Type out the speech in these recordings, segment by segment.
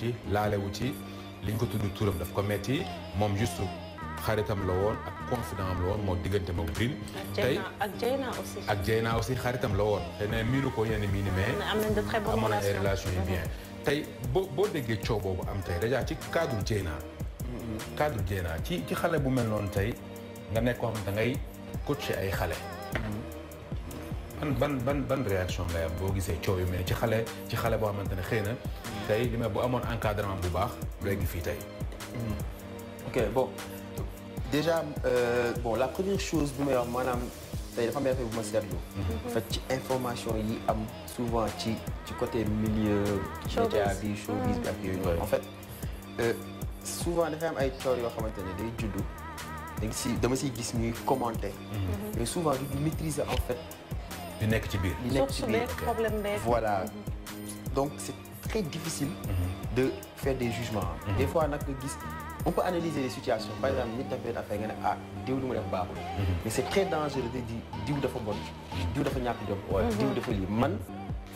ci laalewu ci liñ ko tudd turam daf ko metti moom juste xaritam la woon ak confident am la woon moo diggante moom Green. tey ak Jeyna aussi. aussi xaritam la woon. te ne ko yenn miinu mais. amoon nañ ay relations tey boo boo déggee coow boobu am tey déjà ci cadre Jeyna. cadre Jeyna ci ci xale bu mel noonu tey nga nekk koo xam da ngay coacher ay xale. Mm-hmm. ban ban ban ban réaction ngay am boo gisee coow yu mel ci xale ci xale boo xamante ne xëy na tey li may bu amoon encadrement bu baax léegi fii tey. Hmm. ok bon déjà euh, bon la première chose bu may wax maanaam tey dafa am affaire bu ma seetlu. Hmm. en fait ci information yi am souvent ci ci côté milieu. média bi showbiz bi ak yooyu noonu. Hmm. en fait euh, souvent dafay am ay coow yoo xamante ne day juddu. da si dama siy gis ñuy commenter. mais souvent du maîtriser en fait. di nekk ci biir di nekk ci biir voilà mm-hmm. donc c'est très difficile mm-hmm. de faire des jugements mm-hmm. des fois nag gis on peut analyser les situations par exemple nit dafa benn affaire nga ne ah diw lu mu def baaxul mais c'est très dangereux de dire diw dafa bon diw dafa ñàkk jom diw dafa lii man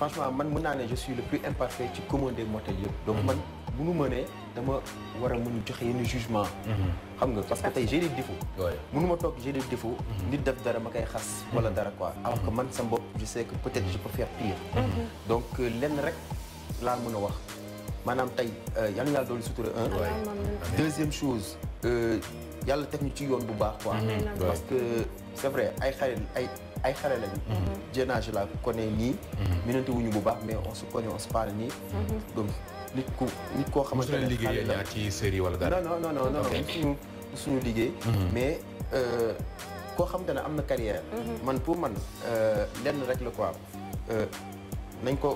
franchement man mun naa ne je suis le plus imparfait ci commun des mortels yëpp donc man bu nu mënee dama war a mën a joxe yenn jugement. Mhm. xam nga parce que tey j'ai des défauts. waaye toog j'ai des défauts. Mhm. nit def dara ma koy xas. wala mhm. dara quoi alors que man sama bopp je sais que peut-être je donc euh, lenn rek laa mën a wax maanaam tey euh, yal na yàlla doon sutura un. deuxième chose. Euh, yàlla teg ñu ci yoon bu baax quoi. que c'est vrai ay xale ay ay xale lañu. jeune âge la connais nii. minante bu baax mais on se connaît on se nii. nit ku nit koo xamante ne liggéey ñaar ci série wala dara non non non non suñu suñu liggéey mm-hmm. mais euh, koo xamante ne am na carrière mm-hmm. man pour man euh, lenn rek la quoi euh, nañ ko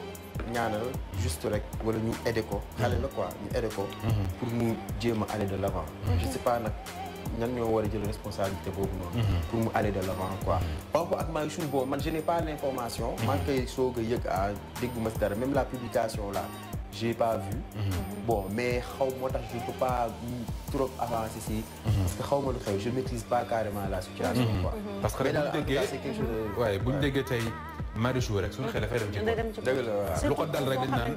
ñaanal juste rek wala ñu aider ko mm-hmm. xale la ko ñu aider ko pour mu jéem a aller de l'avant je sais pas nag ñan ñoo war a jël responsabilité boobu noonu pour mu aller de l'avant quoi par rapport ak Mansour boobu man je n'ai pas l'information man koy soog a yëg a ah, dégguma si dara même la publication là j'ai pas vu. Mhm. bon mais xaw moo tax je ne peux pas trop avancer si. Mhm. parce que xaw ma lu xew je maîtrise pas carrément la situation. Mhm. quoi parce que bu ñu déggee c'est quelque chose de. waaye bu ñu déggee tey. Marichou rek suñu xel dafay dem ko dal rek dañ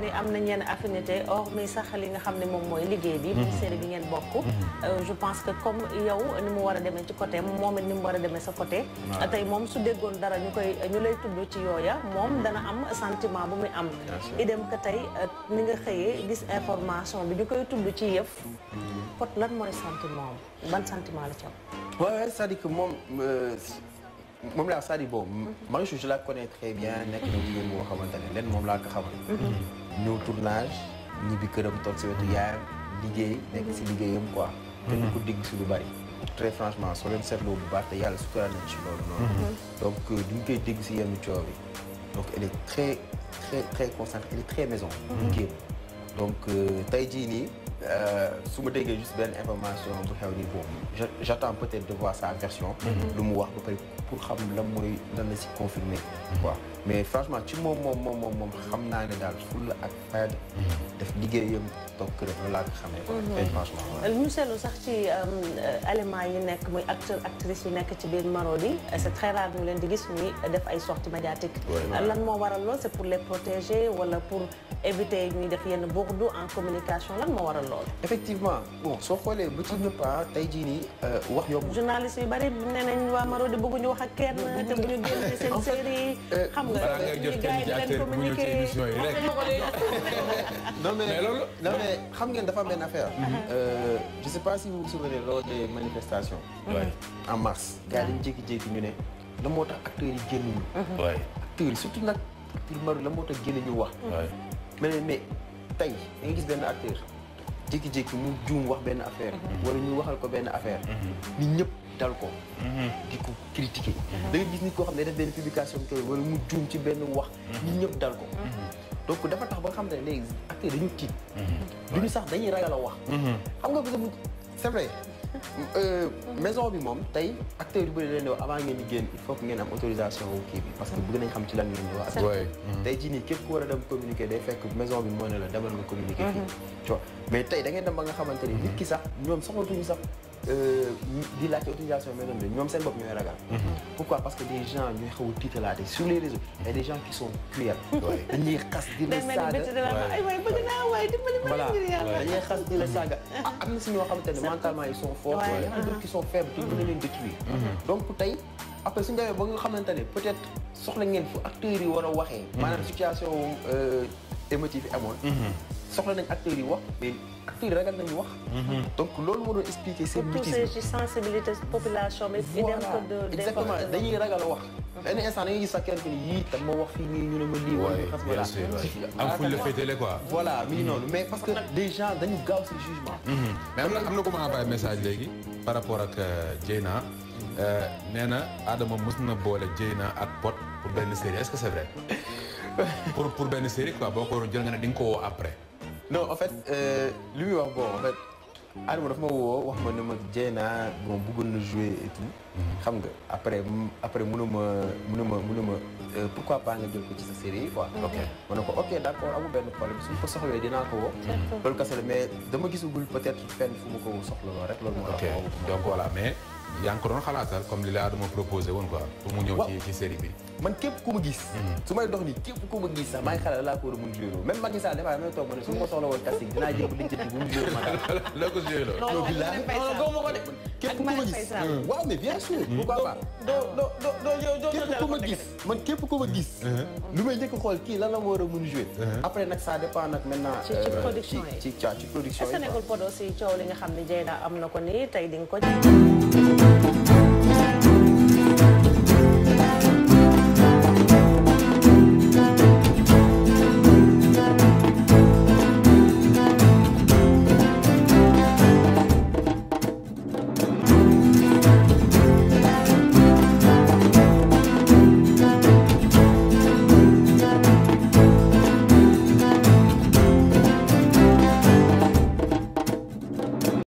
ni am na ñenn affinité or mi sax li nga xam ne moom mooy liggéey bi. Mhm. ministère bi ngeen bokk. Mhm. Euh, je pense que comme yow ni mu war a demee ci côté moom it ni mu war a demee sa côté. tey moom su déggoon dara ñu koy ñu lay tudd ci yooya moom dana am sentiment bu muy am. idem que tey euh, ni nga xëyee gis information bi ñu koy tudd ci yëf. Mhm. pot lan mooy sentiment ban sentiment la ci am. oui oui cest à que moom euh, moom laa c'est-à-dire bon Marichou je la connais très bien nekk na jigéen boo xamante ne leen moom laa ko xamal. ñëw tournage ñibbi këram toog si wetu yaayam liggéey nekk si liggéeyam quoi. te ñu ko dégg si lu bari. très franchement soo leen seetloo bu baax te yàlla su nañ ci loolu noonu. Mhm. donc euh, duñ koy dégg si yenn coow yi donc elle est très très très concentrée elle est très maison. liggéeyam mhm. donc euh, tey jii nii. Euh, su ma déggee juste benn information bu xew ni boobu j'attends peut de voir sa version mm-hmm. lu mu wax ba pare pour xam lan mooy lan la si confirmer quoi mm-hmm. mais franchement ci moom moom moom xam naa ne daal fulla ak fayda mm-hmm. daf liggéeyam toog këram loolu laa ko xamee quoi franchement sax ci élément yi nekk muy acteur actrice yi nekk ci biir Marodi c'est très rare ñu leen di gis ñuy def ay sorties médiatiques lan moo waral lool c'est pour les protéger wala pour éviter ñuy def yenn bourde en communication lan moo waral loolu. effectivement bon soo xoolee ba ci ñëpp ah tey jii nii euh, wax yomb. journaliste yu bari nee nañ waa Marodi bëgguñu wax ak kenn te bu ñu génn seen série euh, xam nga ñu gars yi di leen communiqué non xam ngeen dafa am benn affaire. Mhm. Euh, je sais pas si vous ma souvenez lors des manifestations. en mars. gars yi dañu jékki-jékki ñu ne la moo tax acteurs yi génnuñu. Mhm. acteurs yi surtout nag acteurs la moo tax génnuñu wax. mais mais tey da nga gis benn acteur. jékki-jékki mu juum wax benn affaire. Mhm. wala ñu waxal ko benn affaire. Mhm. nit ñëpp dal ko. Mhm. di ko critiquer. da nga gis nit koo xam ne def benn publication bi wala mu juum ci benn wax. nit ñëpp dal ko. donc dafa tax ba nga xam ne léegi acteurs dañu tiit. duñu sax dañuy ragal a wax. xam nga bés bu c'est vrai. Euh, maison bi moom tey acteurs yu bëri leen di wax avant ngeen génn il faut que ngeen am autorisation kii bi parce que bëgg nañ xam ci lan ngeen di wax. tey fekk maison bi la demal communiquer fii. mais tey da ngeen dem ba nga xamante ni nit ki sax ñoom soxlatuñu sax euh, di laajte autorisation mais ñoom seen bopp ñooy ragal. pourquoi parce que des gens ñooy xaw a tiitalaate sur les réseaux. Ah, am na si ñoo xamante ne mentalement ils sont forts. waaw y a d'autres qui sont faibles te mën mm-hmm. donc tey après su ba nga xamante ne peut-être soxla ngeen fu acteurs yi war a waxee. Mm-hmm. maanaam situation euh, émotive yi amoon. Mm-hmm. soxla nañ acteurs yi wax mais acteurs yi ragal nañu wax. Mhm. donc loolu moo doon expliquer seen mutisme surtout sensibilité population bi. voilà exactement dañuy ragal wax. benn instant dañuy gis sax kenn ku ni yii tam moo wax fii nii ñu ne ma lii. waaye bien sûr am fu ñu la féetale quoi. voilà mi ngi mhm. noonu mais parce que les gens dañu gaaw si jugement. Mhm. mais am na am na ku ma envoyé message léegi par rapport ak euh, Dieyna euh, nee na Adama mës na boole Dieyna ak Pod pour benn série est-ce que c'est vrai pour pour benn série quoi boo ko waroon jël nga ne di nga ko woo après. non en fait euh, li muy wax bon en fait Adama dafa ma woo wax ma ne ma Dieyna bon buggoon na jouer et xam nga après après mënuma mënuma mënuma euh, pourquoi pas nga jël ko ci sa série yi quoi. ok ma ne ko ok d' accord amul benn problème suñ ko soxlawee ko woo. loolu rek loolu moo tax. ok donc voilà mais yaa doon xalaatal comme li la Adama proposé woon quoi. pour mu ñëw ci série bi. man képp ku ma gis mm-hmm. su may dox nii képp ku ma gis sax maa ngi xalaat laa ko war a mun juréeloo même Macky Sall dafaa damay toog ma ne su ma soxla woon tas yi dinaa jëm lijjanti bu mu juréel ma loo ko juréeloo non non ma ko de képp ku ma gis mm. waaw mais bien sûr mm-hmm. pourquoi pas képp ku ma gis man képp ku ma gis mm-hmm. lu may njëkk xool kii lan la ma war a mun jouer après nag ça dépend nag maintenant ci euh, production yi ci caa ci production yi est-ce que nekkul Pod aussi coow li nga xam ne Dieyna am na ko nii tey di nga ko